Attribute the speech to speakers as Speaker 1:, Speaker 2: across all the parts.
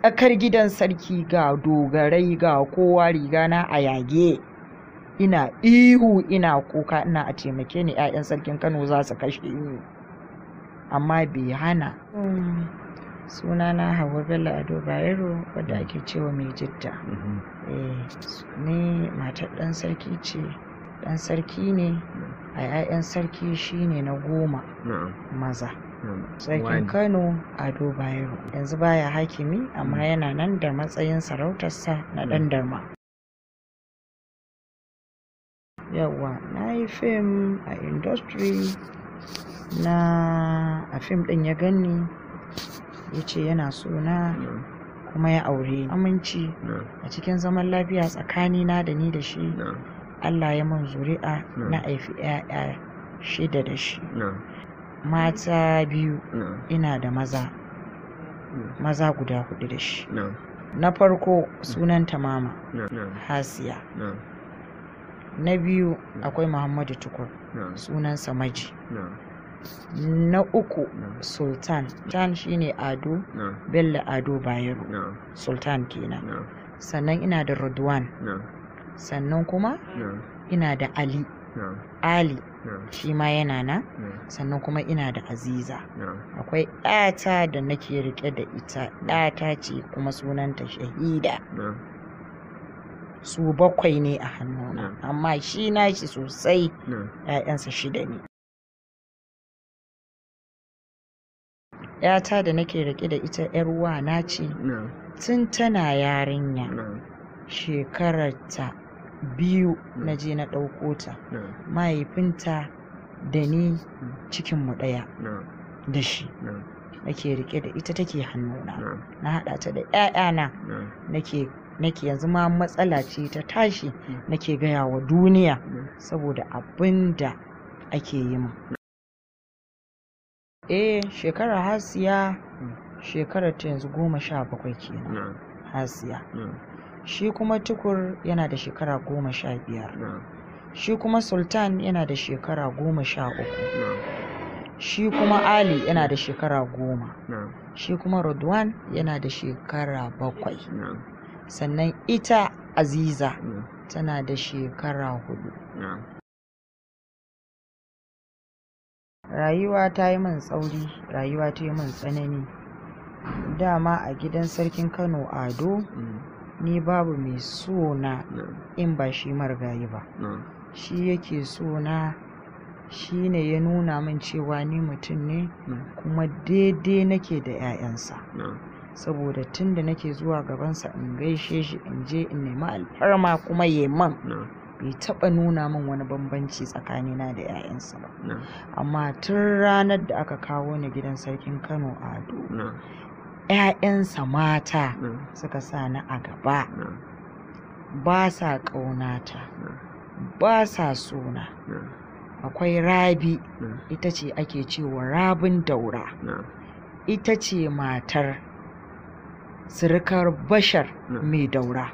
Speaker 1: tsakar gidan sarki ga dogarai ga kowa rigana a yage ina ihu ina kuka ina a taimake ni 'ya'yan sarkin kano za su kashe ni amma bai hana suna na hawa bello ado bayero wadda ake cewa mai jitta ne mm-hmm. eh, ni matar ɗan sarki ce dan sarki ne a 'ya'yan sarki shine na goma maza sarkin kano ado bayero yanzu baya hakimi amma mm. yana nan da matsayin sarautarsa na dan mm. darma yawa na yi fim a industry na a fim din ya gani ya ce yana suna kuma ya aure aminci a cikin zaman lafiya tsakanina da ni da shi Allah ya mun zuri'a na haifi 'ya'ya shida da shi mata biyu ina da maza maza guda hudu da shi na farko sunanta mama hasiya na biyu akwai muhammadu tukur sunansa maji na uku sultan can shine ado bello ado bayero sultan kenan sannan ina da radwan sannan kuma ina da ali ali shi ma yana nan sannan kuma ina da aziza akwai ɗata da nake rike da ita ɗata ce kuma sunanta shahida su bakwai ne a hannuna amma shi nashi sosai 'ya'yansa shida ne yata da nake rike da ita 'yar na ce tun tana yarinya shekararta biyu na je na ɗauko ta mahaifinta da ni cikinmu ɗaya da shi nake rike da ita take hannuna na haɗa ta da 'ya'yana nake nake yanzu ma matsala ce ta tashi hmm. nake gaya wa duniya saboda abin da ake yi min eh shekara hasiya hmm. shekarar ta yanzu goma sha bakwai kenan hasiya shi kuma tukur yana da shekara goma sha biyar shi kuma sultan yana da shekara goma sha uku shi kuma ali yana da shekara goma shi kuma rodwan yana da shekara bakwai sannan ita aziza tana da
Speaker 2: shekara hudu
Speaker 1: rayuwa ta yi min tsauri rayuwa ta yi min tsanani dama a gidan sarkin kano ado mm. ni babu mai so na in ba shi marigayi ba shi yake so na shi ne ya nuna min cewa ni mutum ne kuma daidai nake da 'ya'yansa saboda tun da nake zuwa gabansa in gaishe shi in je in nemi alfarma kuma man bai taba nuna min wani bambanci tsakanina da 'ya'yansa ba amma tun ranar da aka kawo ni gidan sarkin kano ado 'ya'yansa mata mm. suka sa ni a gaba mm. ba sa ƙaunata mm. ba sa suna akwai rabi ita ce ake cewa rabin daura ita ce matar sirikar bashar mai daura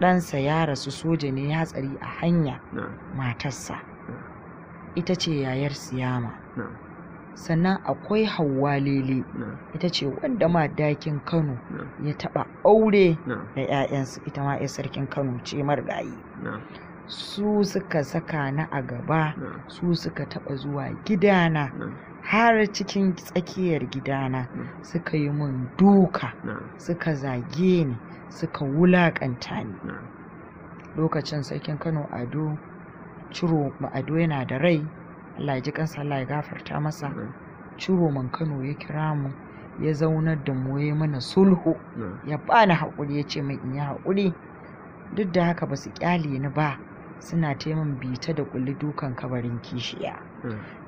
Speaker 1: ɗansa ya rasu soja ne ya tsari a hanya matarsa ita ce yayar siyama sannan akwai hauwa lele ita ce wanda ma dakin kano ya taba aure da 'ya'yansu ita ma ya sarkin kano ce margayi su suka saka na a gaba su suka taba zuwa gidana har cikin tsakiyar gidana suka yi mun duka suka zage ni suka wulaƙanta ni lokacin sarkin kano ado ciro ado yana da rai Allah ya ji kansa Allah ya gafarta masa ciwo man Kano ya kira mu ya zaunar da mu ya mana sulhu ya bani hakuri ya ce min in yi haƙuri duk da haka ba su kyale ni ba suna taimin bita da kulli dukan kabarin kishiya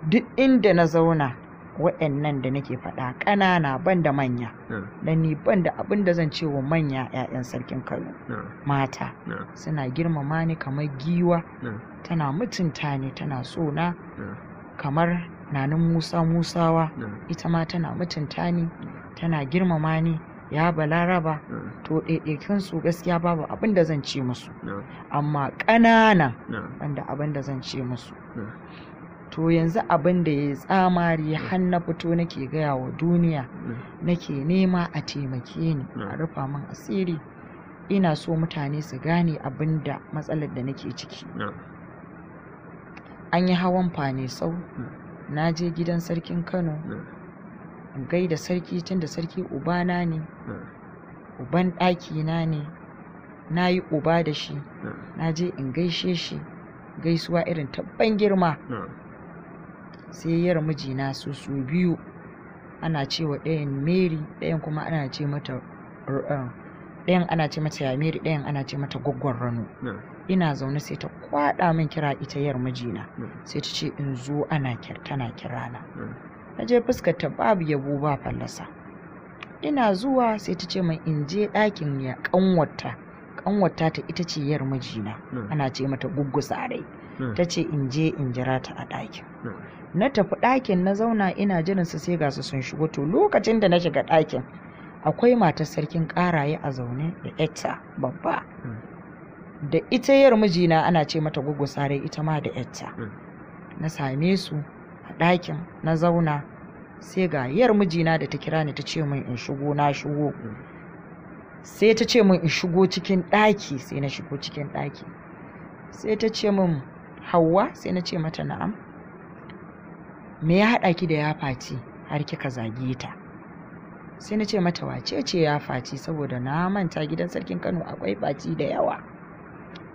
Speaker 1: duk inda na zauna waɗannan da nake faɗa ƙanana ban da manya da ni ban da abin da zan ce wa manya 'ya'yan sarkin kano mata suna girmama ni kamar giwa tana mutunta ni tana so na kamar nanin musa musawa ita ma tana mutunta ni tana girmama ni ya balaraba to su gaskiya babu abin da zan ce musu amma ƙanana da abin da zan ce musu to yanzu abin da ya tsamari har na fito nake gaya wa duniya mm. nake nema a taimake ni a mm. rufa min asiri ina so mutane su gane abin da matsalar da nake ciki mm. an yi hawan fane sau na je gidan sarkin kano da sarki tun da sarki ubana ne uban ɗakina ne na yi uba da shi na je in gaishe shi gaisuwa irin tabban girma sai yar mijina su su biyu ana cewa ɗayan mary ɗayan kuma ana ce mata eh, ɗayan ana ce mata ya mary ɗayan ana ce mata gwaggon rano ina zaune sai ta kwaɗa min kira ita yar mijina sai ta ce in zo ana tana kira na Na je fuskar ta babu yabo ba fallasa ina zuwa sai ta ce min in je ɗakin ya ƙanwata ƙanwata ta ita ce yar mijina ana ce mata guggusa rai Hmm. ta ce in je in jira ta a ɗakin hmm. na tafi ɗakin na zauna ina jiran su sai ga su sun shigo to lokacin da na shiga ɗakin akwai matar sarkin ƙaraye a zaune da etta babba
Speaker 2: hmm.
Speaker 1: da ita yar mijina ana ce mata gugu sare ita ma da etta na same su a ɗakin na zauna sai ga yar mijina da ta kira ni ta ce min in shigo na shigo sai ta ce min in shigo cikin ɗaki sai na shigo cikin ɗaki sai ta ce min Hauwa sai na ce mata na'am. Me ya haɗa ki da ya faci har kika zage ta? Sai na ce mata wace ce ya faci saboda na manta gidan sarkin Kano akwai faci da yawa.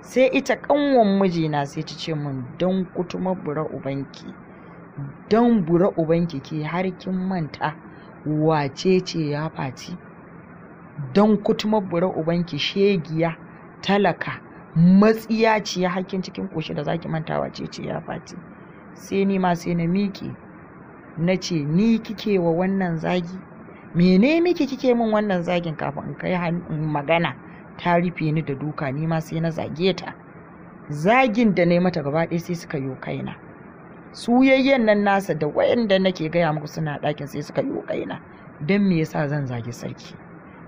Speaker 1: Sai ita kanwan mijina sai ta ce min don kutuma bura ubanki. Don bura ubanki ke har kin manta wace ce ya faci? Don kutuma bura ubanki shegiya talaka Matsiya ya hakkin cikin ƙoshi da zaki mantawa ce ce ya fati sai ni ma sai na miƙe na ce ni kike wa wannan zagi mene miki kike min wannan zagin kafin in kai magana ta rufe ni da duka ni ma sai na zage ta zagin da na yi mata gaba ɗaya sai suka yo kaina suyayyen nan nasa da wayanda nake gaya muku suna ɗakin sai suka yo kaina don me yasa zan zagi sarki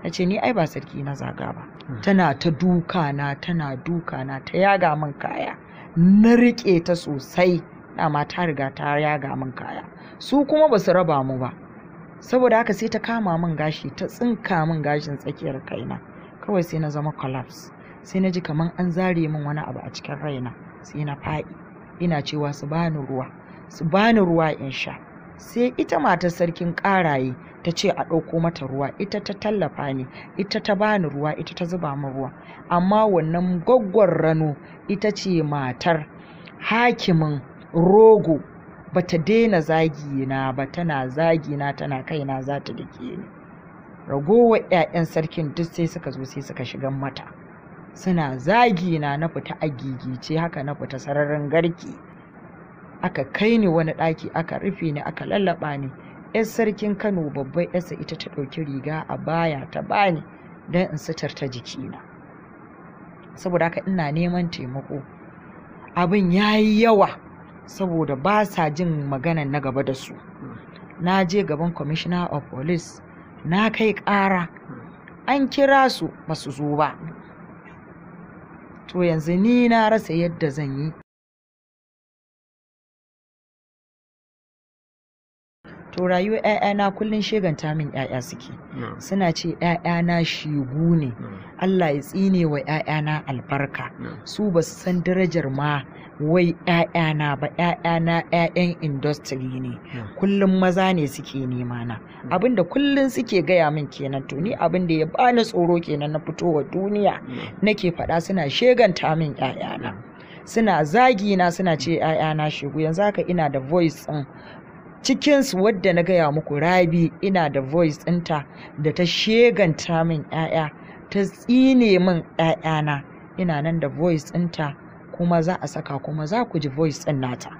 Speaker 1: na ce ni ai ba sarki na zaga ba hmm. tana ta duka na tana duka na ta yaga min kaya na riƙe ta sosai dama ta riga ta yaga min kaya su kuma ba su raba mu ba saboda haka sai ta kama min gashi ta tsinka min gashin tsakiyar kaina kawai sai na zama collapse sai na ji kaman an zare min wani abu a cikin raina sai na faɗi ina cewa su bani ruwa su bani ruwa in sha sai ita matar sarkin ƙaraye ta ce a ɗauko mata ruwa ita ta tallafa ni ita ta bani ruwa ita ta zuba min ruwa amma wannan gwaggwar rano ita ce matar hakimin rogo ba ta daina zagi na ba tana zagi na tana kaina za ta dake ni ragowar 'ya'yan sarkin duk sai suka zo sai suka shiga mata suna zagi na na fita agigice haka na fita sararin garki aka kai ni wani ɗaki aka rufe ni aka lallaba ni yar sarkin kano babbar yarsa ita ta ɗauki riga a baya ta bani don in ta jikina saboda haka ina neman taimako abin ya yi yawa saboda ba sa jin maganan na gaba da su na je gaban commissioner of police na kai ƙara an kira su ba zo ba to yanzu ni na
Speaker 2: rasa yadda zan yi
Speaker 1: to rayuwar ƴaƴana kullum sheganta min ƴaƴa suke suna ce ƴaƴana shigu ne Allah ya tsine wa ƴaƴana albarka su ba su san darajar ma wai ‘ya'yana ba ‘ya'yana ‘ya'yan industry ne kullum maza ne suke nema na abinda kullum suke gaya min kenan to ni abinda ya bani tsoro kenan na fitowa duniya nake faɗa suna sheganta min ‘ya'yana suna zagina suna ce ‘ya'yana shigu. yanzu haka ina da voice ɗin cikinsu wadda na gaya muku rabi ina da voice ɗinta da ta sheganta min 'ya'ya ta tsine min 'ya'yana ina nan da voice ɗinta kuma za a saka kuma za ku ji voice ɗin nata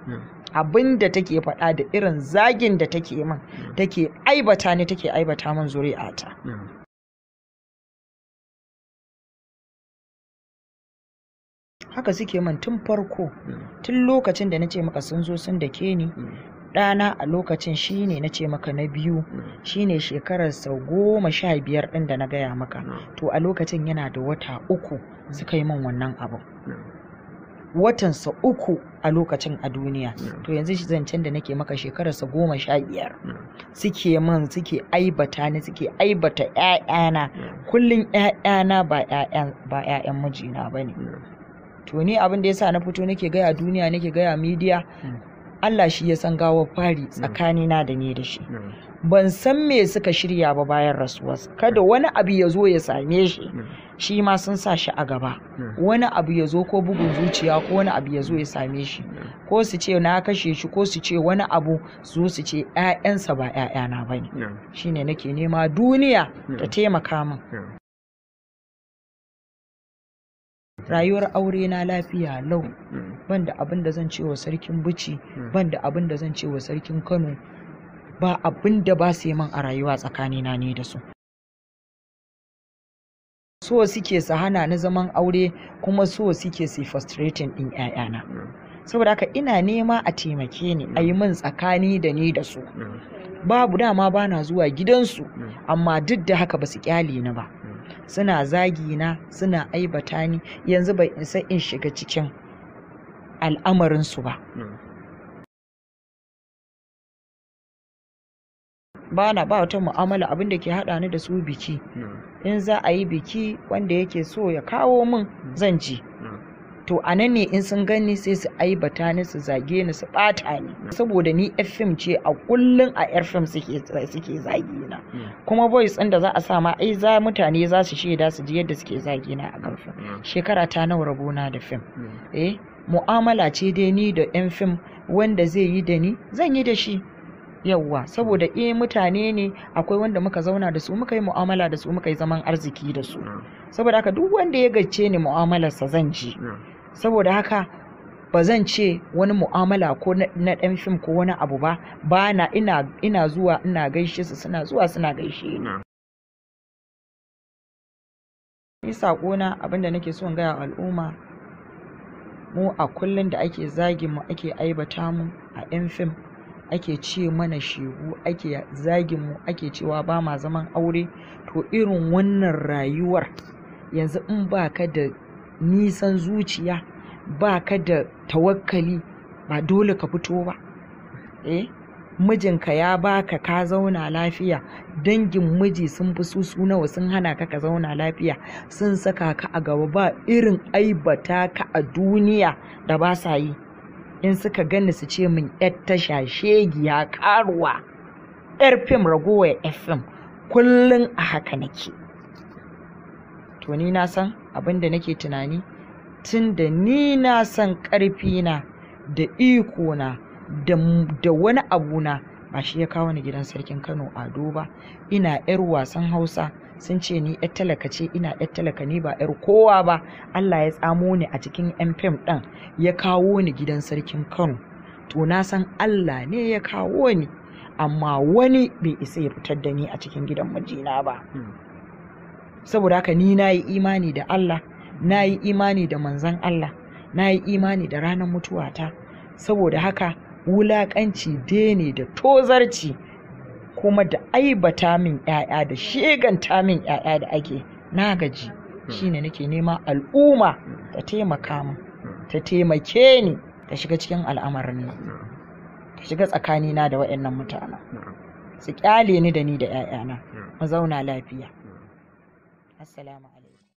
Speaker 1: abin da take faɗa da irin zagin da take min take aibata ne take aibata min zuri'a ta. haka suke man tun farko tun lokacin da na ce maka sun zo sun da ke ni ɗana a lokacin shi ne na ce maka na biyu shi shine shekararsa goma sha biyar ɗin da na gaya maka to a lokacin yana da wata uku suka yi min wannan abu watansa uku a lokacin a duniya to yanzu shi zancen da nake maka shekararsa goma sha biyar suke man suke aibata ni suke aibata 'ya'yana kullum 'ya'yana ba 'ya'yan mijina ba ne to ni abin da yasa na fito nake gaya duniya nake gaya midiya Allah shi ya san gawar fari mm. tsakanina da ni da shi mm. ban san me suka shirya ba bayan rasuwarsa kada mm. wani abu ya zo ya same shi shi ma sun sa shi a gaba wani abu ya zo ko bugun zuciya ko wani abu ya zo ya same shi ko su ce na kashe shi ko su ce wani abu su su ce 'ya'yansa ba 'ya'yana ba ne Shi ne nake nema duniya ta taimaka min rayuwar aure na lafiya lau hmm. ban da abin da zan ce wa sarkin bici hmm. ban da abin da zan ce wa sarkin kano ba abin da ba su man a rayuwa tsakanina ne da su so suke su hana na zaman aure kuma so suke su frustrating din 'ya'yana hmm. saboda haka ina nema a taimake ni a yi min tsakani da ni da su babu dama bana zuwa gidansu amma duk da haka ba su kyale ni ba suna zagi na suna aibata ni yanzu bai isa in shiga cikin al'amarinsu ba hmm. ba na ba wata mu'amala abinda ke haɗa ni da su biki hmm. in za a yi biki wanda yake so ya kawo min zan ji to a nan ne in sun gani sai su aibata ni su zage ni su bata ni saboda ni fm ce a kullum a fm suke suke zage na hmm. kuma boys din da za a sa ma ai za mutane za su shaida su ji yadda suke zage na a fim hmm. shekara ta nawa rabona da fim hmm. eh mu'amala ce dai ni da yan fim wanda zai yi da ni zan yi da shi yawwa saboda eh mutane ne akwai wanda muka zauna da su muka yi mu'amala da su muka yi zaman arziki da su saboda haka duk wanda ya gace ni mu'amalarsa zan ji saboda haka ba zan ce wani mu'amala ko na ɗan fim ko wani abu ba ba na ina zuwa ina gaishe su suna zuwa suna gaishe ni ni saƙona abinda nake son gaya al'umma mu a kullum da ake zagin mu ake aibata mu a 'yan fim ake ce mana shegu ake zagin mu ake cewa ba ma zaman aure to irin wannan rayuwar yanzu in baka da nisan zuciya ba ka da tawakkali ba dole ka fito ba eh mijinka ya baka ka zauna lafiya dangin miji sun fi su nawa sun hana ka ka zauna lafiya sun saka ka a gaba ba irin aibata ka a duniya da ba sa yi in suka gani su ce min yar tasha shegiya karuwa yar fim ragowa fm kullum a haka nake to ni na san abin da nake tunani tun da ni na san ƙarfina da ikona da wani abuna ba shi ya kawo ni gidan sarkin kano a ba ina 'yar wasan hausa sun ce ni 'yar talaka ce ina 'yar talaka ni ba 'yar kowa ba allah ya tsamo ni a cikin yan fim ɗin ya kawo ni gidan sarkin kano to na san allah ne ya kawo ni amma wani bai isa ya fitar da ni a cikin gidan mijina ba. Hmm. saboda haka ni na yi imani da Allah na yi imani da manzan Allah na yi imani da ranar mutuwata saboda haka wulaƙanci dene da tozarci kuma da aibata min 'ya'ya da sheganta min 'ya'ya da ake na gaji hmm. shi ne nake nema al'umma ta taimaka min ta taimake ni ta shiga cikin al'amarin nan ta shiga tsakanina da nan mutanen hmm. su kyale ni da ni da 'ya'yana hmm. mu zauna lafiya
Speaker 2: السلام عليكم